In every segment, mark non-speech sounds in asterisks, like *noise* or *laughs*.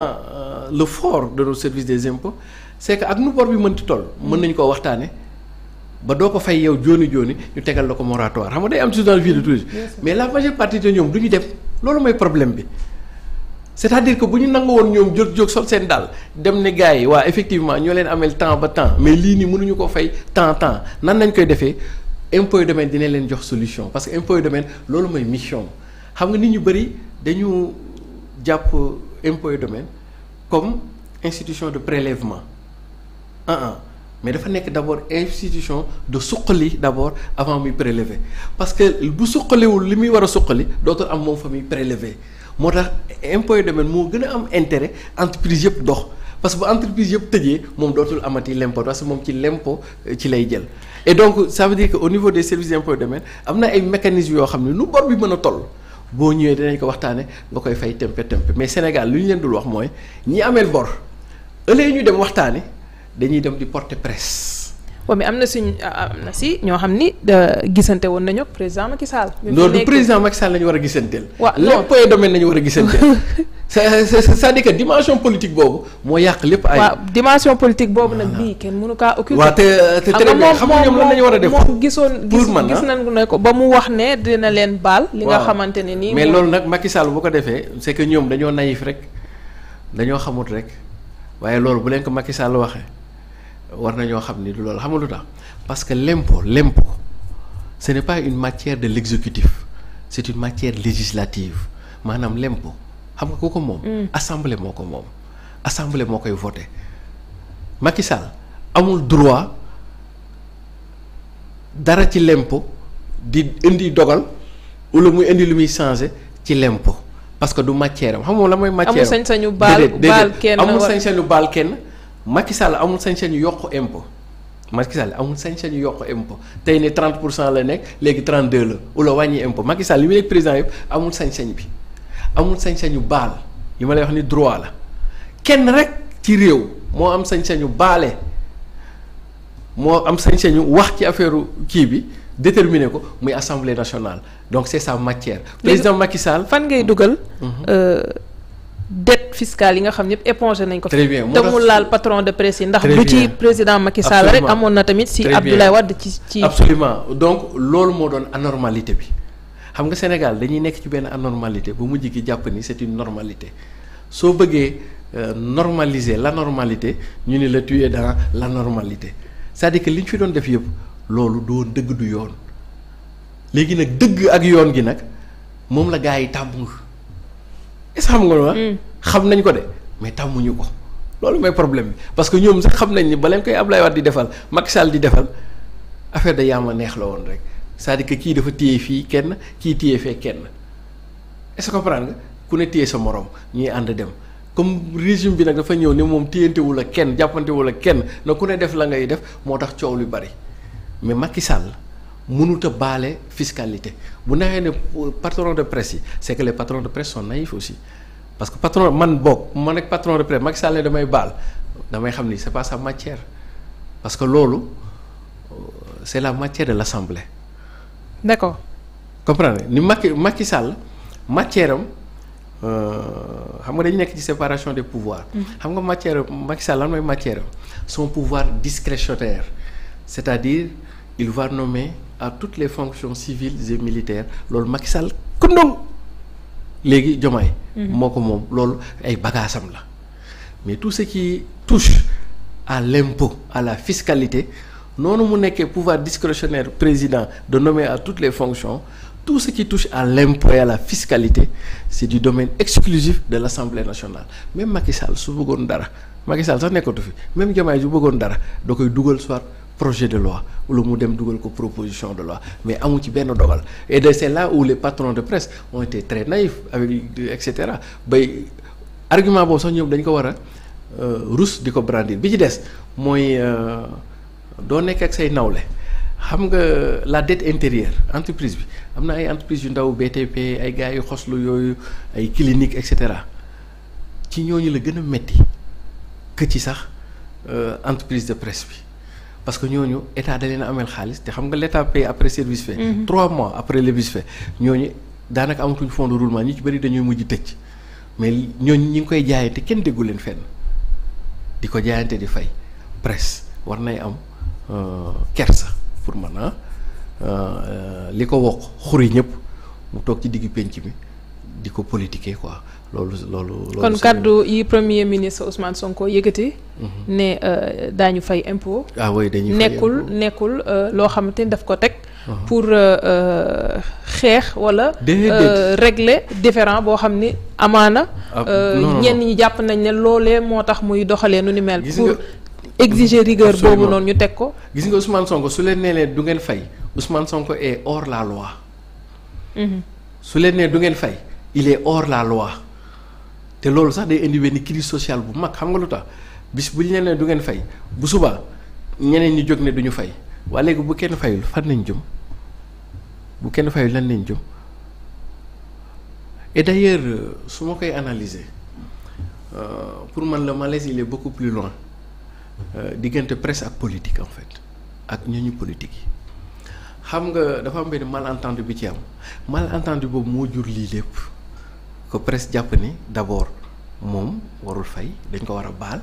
Euh, le fort de notre service des impôts c'est que ak nu bor bi mënti toll. mën nañu koo waxtaane ba doo ko fay yow jooni jooni ñu tegal la ko moratoire xam nga day am ci dans le vie de mais la majeure partie de ñoom du ñu loolu mooy problème bi c'est-à-dire que bu ñu nangu woon ñoom jóg jóg sol seen daal dem ne gars yi waa effectivement ñoo leen amel temps ba temps mais lii nii mënuñu ko fay temps temps nan nañ koy defee impôt domaine dina leen jox solution parce que impôt domaine loolu mooy mission jàpp impôt et domaine comme institution de prélèvement ah ah mais dafa nekk d'abord institution de suqali d'abord avant muy prélever parce que bu suqaliwul li muy war a suqali dootul am moom fa muy prélever moo tax impôt et domaine moo gën a am intérêt entreprise yëpp dox parce que bu entreprise yëpp tëjee moom dootul amati l'impôt parce que moom ci l'impôt euh, ci lay jël et donc ça veut dire que au niveau des services d'impôt et domaine am na ay mécanismes yoo xam ne nu bor bi mën a toll boo ñëwee danañ ko waxtaane nga koy fay tempe temp mais Sénégal lu ñu leen dul wax mooy ñi ameel bor ëllëgee ñu dem waxtaane dañuy dem di porter presse. waaw mais am na suñ am na si ñoo xam ni gisante woon nañu président Macky Sall. loolu du président Macky Sall la ñu war a gisanteel. waaw lépp domaine la ñu war a gisanteel. *laughs* c'est sa à dire que dimension politique boobu moo yàq lépp ay. waaw dimension politique boobu nag bii kenn mënu kaa occuper. waaw te te très bien xam nga war a def moom gisoon. pour man gis ah. nañu ne ko ba mu wax ne dina leen baal. li xamante ne nii. mais loolu nag Macky Sall bu ko defee c'est que ñoom dañoo naïf rek dañoo xamut rek waaye loolu bu leen ko Macky Sall waxee war ñoo xam ni loolu xam nga tax parce que l'impôt l'impôt ce n'est pas une matière de l'exécutif c'est une matière législative maanaam l'impôt xam nga ku ko moom. Mm. moo ko moom. assemblée moo koy voté Macky amul droit dara ci lempo di indi dogal ula muy indi lu muy changer ci lempo parce que du matière am xam nga moom la mooy. matière amul sañ-sañu baal baal kenn amul sañ-sañu baal kenn Macky Sall amul sañ-sañu yokk impôt. Macky Sall sañ yokk impôt tey ne 30 pour cent la nekk léegi trent 32 la wala wàññi impo Macky Sall li muy nekk président yëpp amul sañ-sañ bi. amul sañ-sañu baal li ma lay wax ni droit la kenn rek ci réew moo am sañ-sañu baale moo am sañ-sañu wax ci affaire kii bi déterminer ko muy assemblée nationale donc c'est sa matière. président Macky Sall fan ngay dugal. Mhm. Euh, dette fiscale yi nga xam ñëpp épongé nañ ko. très bien te mu laal patron de presse yi ndax. du ci président Macky Sall amoon na tamit si Abdoulaye Wade ci ci. absolument donc loolu moo doon anormalité bi. xam nga Sénégal dañuy nekk ci benn anormalité ba mujj gi jàpp ni c'est une normalité soo bëggee euh, normaliser la normalité ñu ni la tu es dans la normalité c'est-à-dire que li ñu fi doon def yëpp loolu doon dëgg du yoon léegi nag dëgg ak yoon gi nag moom la gars yi tàmmu est-ce xam nga wa hmm. xam nañ ko de mais tàmmuñu ko loolu mooy problème bi parce que ñoom sax xam nañ ni ba leen koy Ablaye Wade di defal Macky di defal affaire de yaama neex la woon rek c'est-à-dire que kii dafa téye fii kenn kii téye fee kenn est-ce que comprendre ku ne téye sa moroom ñuy ànd dem comme régime bi nag dafa ñëw ni moom téyantewul ak kenn jàppantewul ak kenn na ku ne def la ngay def moo tax coow lu bari mais Macky Sall mënut a baale fiscalité bu naxee ne patron de presse yi c'est que de presse sont naïfs aussi parce que patron man boog man ak patron de presse Macky Sall ne damay baal damay xam ni c'est paa sa matière parce que loolu euh, c'est la matière de l'Assemblée d' accord comprendre ni Macky Macky Sall matière am euh, xam nga dañu nekk ci séparation des pouvoirs. Mm-hmm. xam nga matière Macky Sall lan mooy matière son pouvoir discrétionnaire c' est à dire il va nommer à toutes les fonctions civiles et militaires loolu Macky Sall kon donc léegi Diomaye mm-hmm. moo ko moom loolu ay bagaasam la mais tout ce qui touche à l'impôt à la fiscalité noonu mu nekkee pouvoir discrétionnaire président de nommer à toutes les fonctions tout ce qui touche à l'impôt et à la fiscalité c'est du domaine exclusif de l'Assemblée nationale même Macky Sall su bëggoon dara Macky Sall sax nekkatu fi même Diomaye su bëggoon dara da koy dugal soit projet de loi wala mu dem dugal ko proposition de loi mais amu ci benn dogal et de c'est là où les patrons de presse ont été très naïfs avec et cetera bay argument boobu sax ñëw dañ ko war a euh, rus di ko bi ci des mooy. Euh, doo nekk ak say nawle xam nga la dette intérieure entreprise bi am na ay entreprise yu ndaw BTP ay gars yu xoslu yooyu ay clinique et cetera ci ñooñu la gën a metti que ci sax euh, entreprise de presse bi parce que ñooñu état da leen a ameel xaalis te xam nga l' état après service fait mm trois mois après service fait ñooñu daanaka amatuñ fonds de ñi ci bëri dañuy mujj tëj mais ñooñu ñi ngi koy jaayante kenn déggu leen fenn di ko jaayante di fay presse war nay am Euh, kersa pour man ah li ko wokk xuri ñëpp mu toog ci diggu pénc mi di ko politiquer quoi loolu loolu. loolu kon kàddu yi premier ministre Ousmane Sonko yëkkati. Mhm. ne euh, daañu fay impôt. ah oui dañuy nekkul nekkul loo xamante ni daf ko teg. Mhm. pour xeex wala. régler différent boo xam ni amaana. Ah, ñenn ñi jàpp nañ ne loolee moo tax muy doxalee nu ni mel. pour exiger rigueur boobu noonu ñu teg ko. gis nga Ousmane Sonko su leen nee leen du ngeen fay Ousmane Sonko est hors la loi. Mhm. su leen nee du ngeen fay il or hors la loi te loolu sax day indi benn crise sociale bu mag xam nga lu tax bis bu ñu leen nee du ngeen fay bu subaa ñeneen ñi jóg ne duñu fay waa léegi bu kenn fayul far nañ jëm bu kenn fayul lan nañ jëm et d'ailleurs euh, su ma koy analyser euh, pour man la malaise il est plus loin. Euh, diggante presse ak politique en fait ak ñooñu politique yi xam nga dafa am benn malentendu bi ci am malentendu boobu moo jur lii lépp ko presse jàpp ni d'abord moom warul fay dañ ko war a baal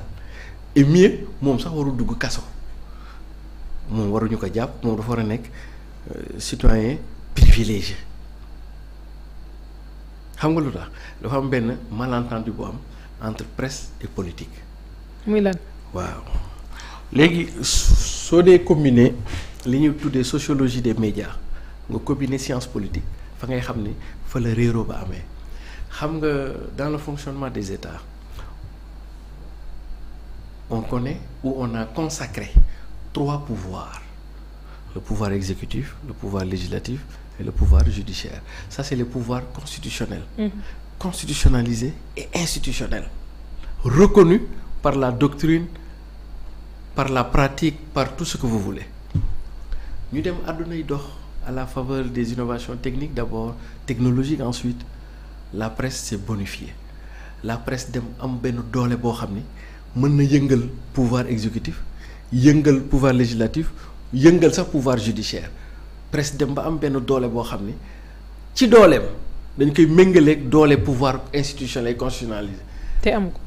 et moom sax warul dugg kaso moom waruñu ko jàpp moom dafa war a nekk euh, citoyen privilégié xam nga lu tax dafa am benn malentendu bu am entre presse et politique. waaw léegi soo dee combiner li ñuy tuddee sociologie des médias nga combiner science politique fa ngay xam ni fa la réeroo ba amee xam nga dans le fonctionnement des États on connaît ou on a consacré trois pouvoirs le pouvoir exécutif le pouvoir législatif et le pouvoir judiciaire ça c'est le pouvoir constitutionnel mmh. constitutionnalisé et institutionnel reconnu par la doctrine par la pratique par tout ce que vous voulez ñu dem àddunay dox à la faveur des innovations techniques d'abord technologiques ensuite la presse s'est bonifiée la presse dem am benn doole boo xam ni mën na yëngal pouvoir exécutif yëngal pouvoir législatif yëngal sax pouvoir judiciaire presse dem ba am benn doole boo xam ni ci dooleem dañ koy méngaleeg doole pouvoir institutionnel et constitutionnalisé te am ko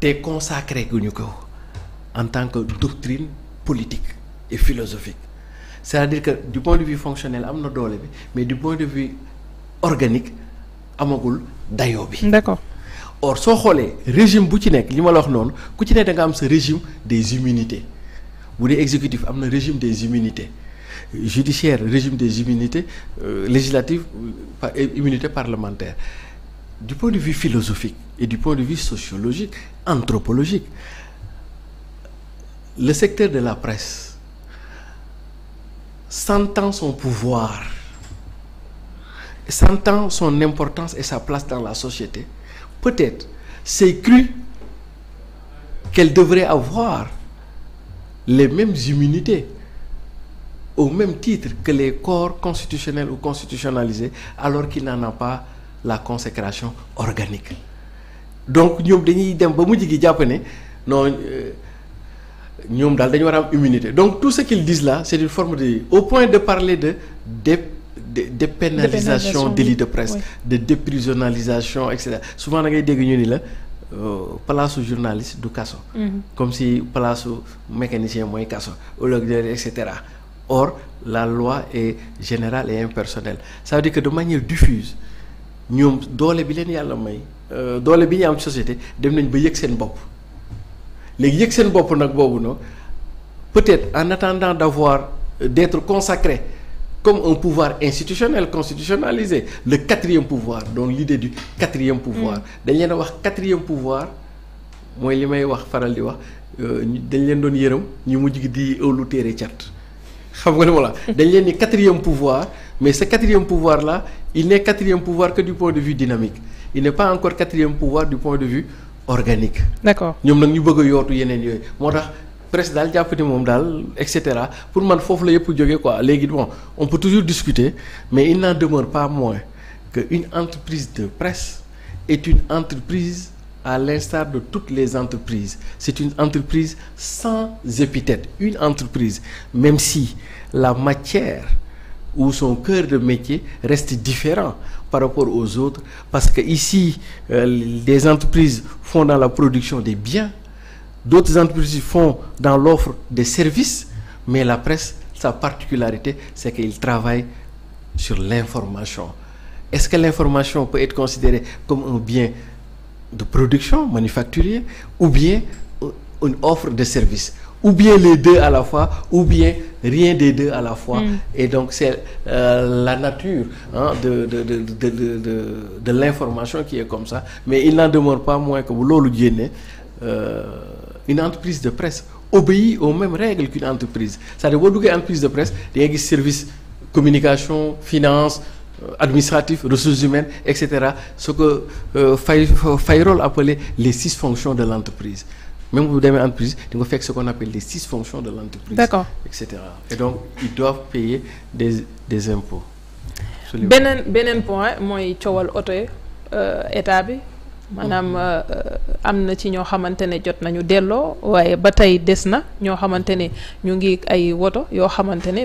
te consacré gu ñu ko en tant que doctrine politique et philosophique c'est-à-dire que du point de vue fonctionnel am na doole bi mais du point de vie organique amagul dayoo bi. d'accord or soo xoolee régime bu ci nekk li ma la wax noonu ku ci ne da am sa régime des immunités bu dee exécutif am na régime des immunités judiciaire régime des immunités euh, législative euh, immunité parlementaire. du point de vue philosophique et du point de vue sociologique anthropologique le secteur de la presse sentant son pouvoir sentant son importance et sa place dans la société peut-être s'est cru qu'elle devrait avoir les mêmes immunités au même titre que les corps constitutionnels ou constitutionnalisés alors qu'il n'en a pas la consécration organique donc ñoom dañuy dem ba mujj gi jàpp ne non euh, ñoom daal dañu war a am immunité donc tout ce qu'ils disent là c'est une forme de au point de parler de de de dépénalisation délit de presse de déprisonnalisation et cetera souvent da ngay dégg ñu ni la euh, palaasu journaliste du kaso mhm. comme si palaasu mécanicien mooy kaso ologiel et cetera or la loi est générale et impersonnelle ça veut dire que de manière diffuse ñoom doole bi leen yàlla may euh, doole bi ñu am société dem nañ ba yëg seen bopp léegi yëg seen bopp nag boobu noonu peut-être en attendant d'avoir euh, d'être consacré comme un pouvoir institutionnel constitutionnalisé le quatrième pouvoir donc l'idée du quatrième pouvoir mm. dañ leen a wax quatrième pouvoir mooy li may wax faral di wax euh, dañ leen doon yërëm ñu mujj gi di ëwlu téere cat xam nga ni ma la *laughs* dañ leen ni quatrième pouvoir mais ce quatrième pouvoir là il n'est quatrième pouvoir que du point de vue dynamique il n'est pas encore quatrième pouvoir du point de vue organique d'accord ñoom nag ñu bëgg a yootu yeneen yooyu moo tax presse daal jàppati moom daal et cetera pour man foofu la yëpp jógee quoi léegi bon on peut toujours discuter mais il n'en demeure pas moins que une entreprise de presse est une entreprise à l'instar de toutes les entreprises c'est une entreprise sans épithète une entreprise même si la matière où son cœur de métier reste différent par rapport aux autres parce que ici euh, des entreprises font dans la production des biens d'autres entreprises font dans l'offre des services mais la presse sa particularité c'est qu'il travaille sur l'information est-ce que l'information peut être considérée comme un bien de production manufacturier ou bien euh, une offre de service ou bien les deux à la fois ou bien rien des deux à la fois. Mm. et donc c'est euh, la nature hein, de de de de de de de l'information qui est comme ça mais il n'en demeure pas moins que bu loolu génnee euh, une entreprise de presse obéit aux mêmes règles qu'une entreprise c'est-à-dire boo duggee entreprise de presse da ngay gis service communication finance. Euh, administratif ressources humaines et cetera ce que euh, Fay Fayrol appelait les six fonctions de l'entreprise même bu demee entreprise di nga fekk ce qu'on appelle les six fonctions de l'entreprise d'accord et et donc ils doivent payer des des impôts beneen beneen point mooy coowal oto yi euh, état bi maanaam mm-hmm. euh, am na ci ñoo xamante ne jot nañu delloo waaye ba tey des na ñoo xamante ne ñu ngi ay woto yoo xamante